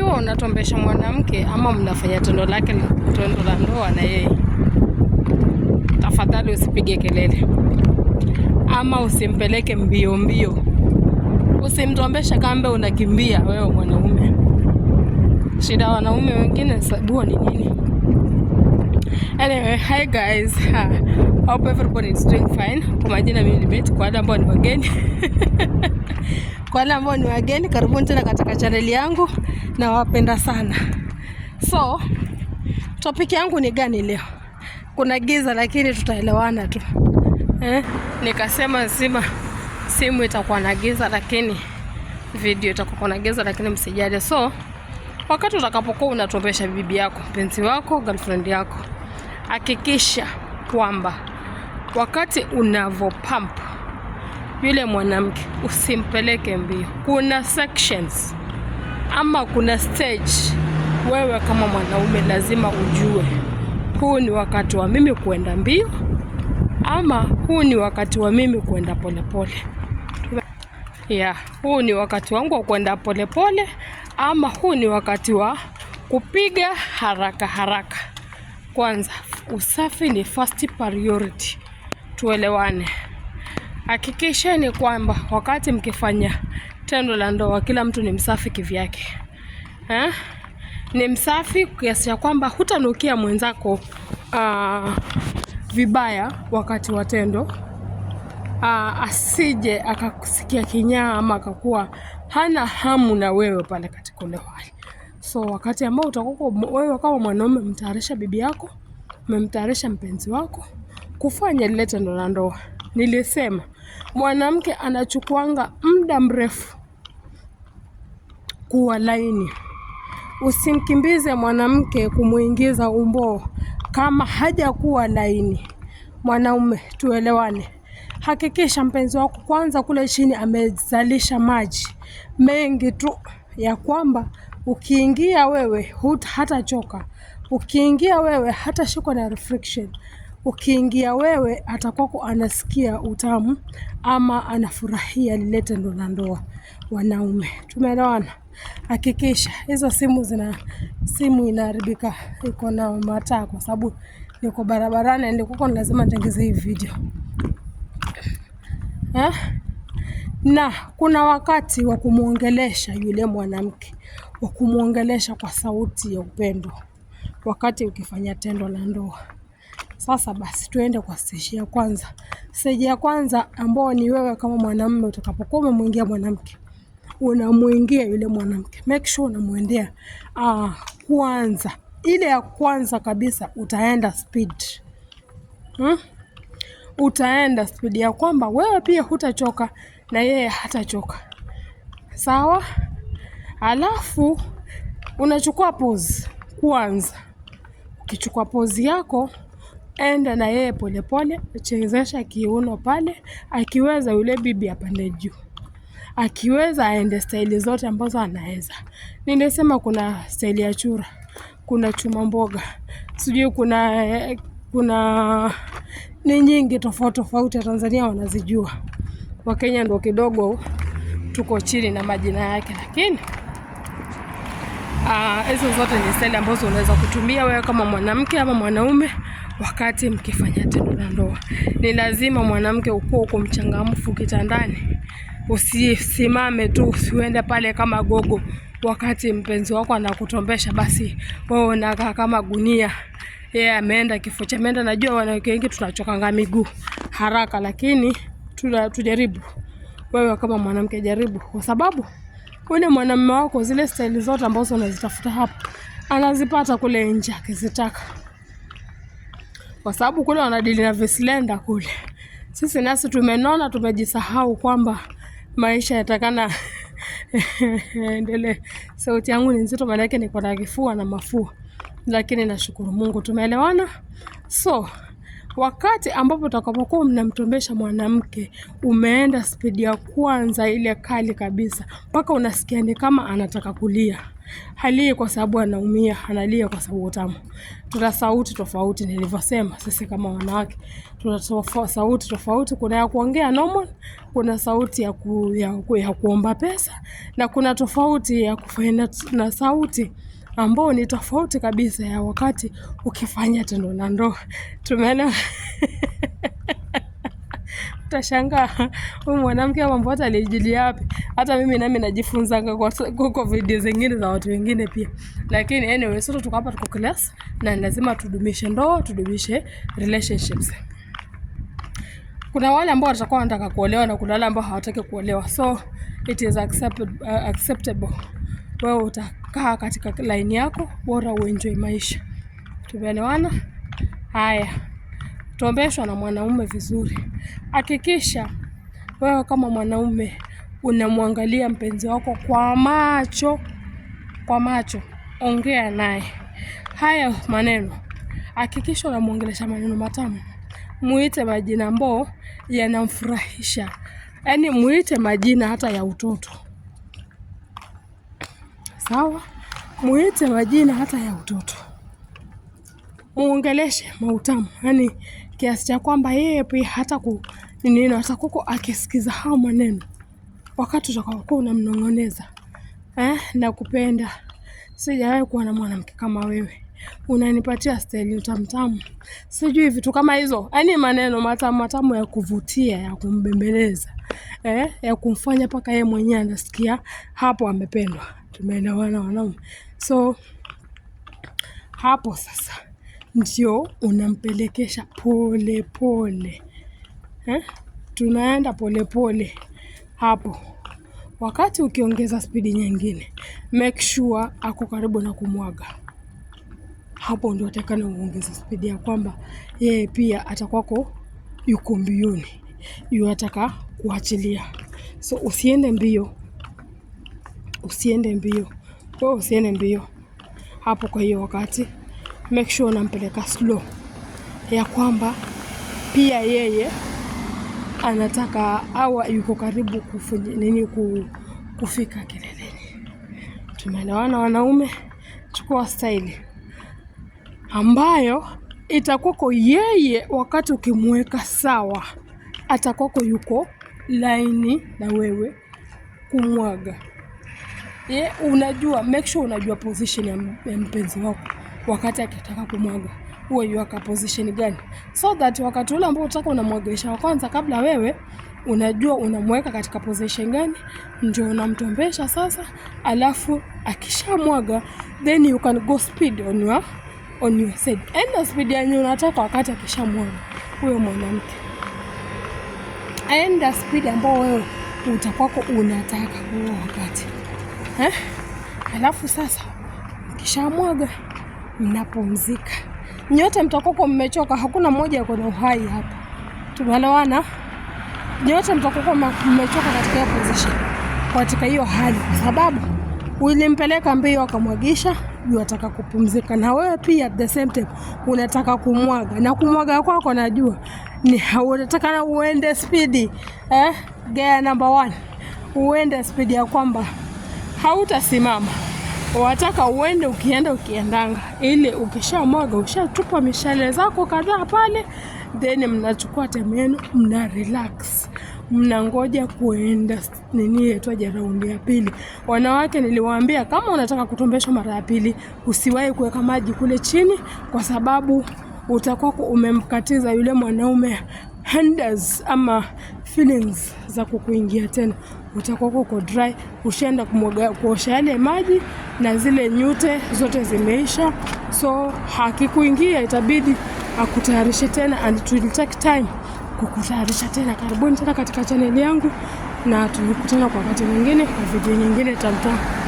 Ukiwa unatombesha mwanamke ama mnafanya tendo lake tendo la ndoa na yeye, tafadhali usipige kelele ama usimpeleke mbio mbio, usimtombesha kambe unakimbia wewe mwanaume. Shida wanaume wengine sabuo ni nini? Anyway, hi guys. Hope everybody is doing fine. Kwa majina mimi ni Beth, kwa wale ambao ni wageni kwa wale ambao ni wageni, karibuni tena katika chaneli yangu nawapenda sana. So topic yangu ni gani leo? Kuna giza lakini tutaelewana tu eh? Nikasema zima simu itakuwa na giza lakini video itakuwa na giza lakini msijali. So wakati utakapokuwa unatombesha bibi yako, mpenzi wako, girlfriend yako, hakikisha kwamba wakati unavopump yule mwanamke usimpeleke mbio. Kuna sections ama kuna stage wewe kama mwanaume lazima ujue huu ni wakati wa mimi kuenda mbio ama huu ni wakati wa mimi kuenda polepole pole. Yeah, huu ni wakati wangu wa kuenda polepole ama huu ni wakati wa kupiga haraka haraka. Kwanza, usafi ni first priority, tuelewane. Hakikisheni kwamba wakati mkifanya tendo la ndoa, kila mtu ni msafi kivyake ha? Ni msafi kiasi cha kwamba hutanukia mwenzako uh, vibaya wakati wa tendo uh, asije akakusikia kinyaa ama akakuwa hana hamu na wewe pale katika ule hali. So wakati ambao utakuwa wewe kama mwanaume mtayarisha bibi yako, umemtayarisha mpenzi wako kufanya lile tendo la ndoa, nilisema mwanamke anachukuanga muda mrefu kuwa laini. Usimkimbize mwanamke kumuingiza umboo kama hajakuwa laini. Mwanaume, tuelewane. Hakikisha mpenzi wako kwanza kule chini amezalisha maji mengi tu, ya kwamba ukiingia wewe hata choka ukiingia wewe hata shiko na reflection, ukiingia wewe atakwako anasikia utamu ama anafurahia lile tendo la ndoa. Wanaume, tumeelewana hakikisha hizo simu zina simu inaharibika iko na mataa, kwa sababu niko barabarani and kuko lazima nitengeze hii video eh? na kuna wakati wa kumwongelesha yule mwanamke, wa kumwongelesha kwa sauti ya upendo wakati ukifanya tendo la ndoa. Sasa basi, tuende kwa steji ya kwanza. Steji ya kwanza ambao ni wewe kama mwanamume utakapokuwa umemwingia mwanamke unamwingia yule mwanamke, make sure unamwendea ah, kwanza ile ya kwanza kabisa utaenda speed hmm? Utaenda speed ya kwamba wewe pia hutachoka na yeye hatachoka, sawa. Alafu unachukua pose kwanza. Ukichukua pose yako, enda na yeye polepole, chezesha kiuno pale, akiweza yule bibi apande juu akiweza aende staili zote ambazo anaweza. Nilisema kuna staili ya chura, kuna chuma mboga, sijui kuna kuna ni nyingi tofauti tofauti. Ya Tanzania wanazijua, Wakenya ndo kidogo tuko chini na majina yake, lakini ah, hizo uh, zote ni staili ambazo unaweza kutumia wewe kama mwanamke ama mwanaume wakati mkifanya tendo la ndoa. Ni lazima mwanamke ukuwa uko mchangamfu kitandani usisimame tu, usiende pale kama gogo. Wakati mpenzi wako anakutombesha, basi wewe unakaa kama gunia. Yeye yeah, ameenda kifo cha ameenda. Najua wanawake wengi tunachokanga miguu haraka, lakini tuna, tujaribu wewe kama mwanamke jaribu, kwa sababu ule mwanamume wako zile staili zote ambazo unazitafuta hapo anazipata kule nje akizitaka, kwa sababu kule wanadili na vislenda kule. Sisi nasi tumenona, tumejisahau kwamba maisha yatakana endelee. Sauti yangu ni nzito, maana yake niko na kifua na mafua, lakini nashukuru Mungu tumeelewana so Wakati ambapo utakapokuwa mnamtombesha mwanamke, umeenda spidi ya kwanza ile kali kabisa, mpaka unasikia ni kama anataka kulia. Halii kwa sababu anaumia, analia kwa sababu utamu. Tuna sauti tofauti, nilivyosema, sisi kama wanawake tuna sauti tofauti. Kuna ya kuongea normal, kuna sauti ya, ku, ya, ku, ya kuomba pesa na kuna tofauti ya kufanya na sauti ambao ni tofauti kabisa ya wakati ukifanya tendo la ndoa. Tumeona Utashangaa huyu mwanamke mambo hata alijili yapi. Hata mimi nami najifunza kwa video zingine za watu wengine pia, lakini anyway, sote tuko hapa, tuko class na lazima tudumishe ndoa, tudumishe relationships. Kuna wale ambao watakuwa wanataka kuolewa na kuna wale ambao hawataki kuolewa, so it is accept, uh, acceptable wewe utakaa katika laini yako, bora uenjoy maisha. Tumeelewana? Haya, tombeshwa na mwanaume vizuri. Hakikisha wewe kama mwanaume unamwangalia mpenzi wako kwa macho, kwa macho. Ongea naye haya maneno, hakikisha unamwongelesha maneno matamu. Muite majina ambao yanamfurahisha, yaani muite majina hata ya utoto sawa, muite majina hata ya utoto, muongeleshe mautamu, yani kiasi cha kwamba yeye pia hata ku nini, hata kuko akisikiza hao maneno wakati utakaokuwa unamnong'oneza eh, na kupenda sijawahi kuwa na mwanamke kama wewe, unanipatia staili utamtamu, sijui vitu kama hizo, yani maneno matamu matamu ya kuvutia ya kumbembeleza eh, ya kumfanya mpaka yeye mwenyewe anasikia hapo amependwa tumeelewana wanaume. So hapo sasa ndio unampelekesha pole pole eh? Tunaenda pole pole hapo. Wakati ukiongeza spidi nyingine, make sure ako karibu na kumwaga. Hapo ndio atakana uongeze spidi ya kwamba yeye pia atakwako yuko mbioni, yu ataka kuachilia. So usiende mbio usiende mbio, wewe usiende mbio hapo. Kwa hiyo wakati make sure unampeleka slow, ya kwamba pia yeye anataka awa yuko karibu kufuji, nini kufika kileleni. Tumeelewana wanaume? Chukua staili ambayo itakwako yeye, wakati ukimweka sawa, atakwako yuko laini na wewe kumwaga ye, unajua make sure unajua position ya mpenzi wako wakati akitaka kumwaga uwe yuaka position gani, so that wakati ule ambao utaka unamwagesha wa kwanza, kabla wewe unajua unamweka katika position gani, ndio unamtombesha sasa. Alafu akishamwaga then you can go speed on your on your side, enda speed yenye unataka wakati akishamwaga huyo mwanamke, enda speed ambao wewe utakwako unataka huo wakati. Eh? Alafu sasa ukishamwaga mnapumzika nyote, mtakoko mmechoka, hakuna mmoja ako na uhai hapa, tunaloana nyote mtakoko mmechoka katika hiyo position, katika hiyo hali, kwa sababu ulimpeleka mbio akamwagisha juu ataka kupumzika, na wewe pia at the same time unataka kumwaga, na kumwaga kwako kwa najua ni unatakana uende spidi eh? gear number one, uende spidi ya kwamba hautasimama, wataka uende ukienda ukiendanga, ili ukishamwaga ushatupa mishale zako kadhaa pale, then mnachukua time yenu, mna relax mnangoja kuenda nini aje raundi ya pili. Wanawake, niliwaambia kama unataka kutombeshwa mara ya pili usiwahi kuweka maji kule chini, kwa sababu utakuwa umemkatiza yule mwanaume handers ama feelings za kukuingia tena utakuwa uko dry, ushaenda kumwaga kuosha yale maji na zile nyute zote zimeisha, so hakikuingia, itabidi akutayarishe tena, and it will take time kukutayarisha tena. Karibuni tena katika chaneli yangu na tukutana kwa wakati mwingine kwa video nyingine. tamtam.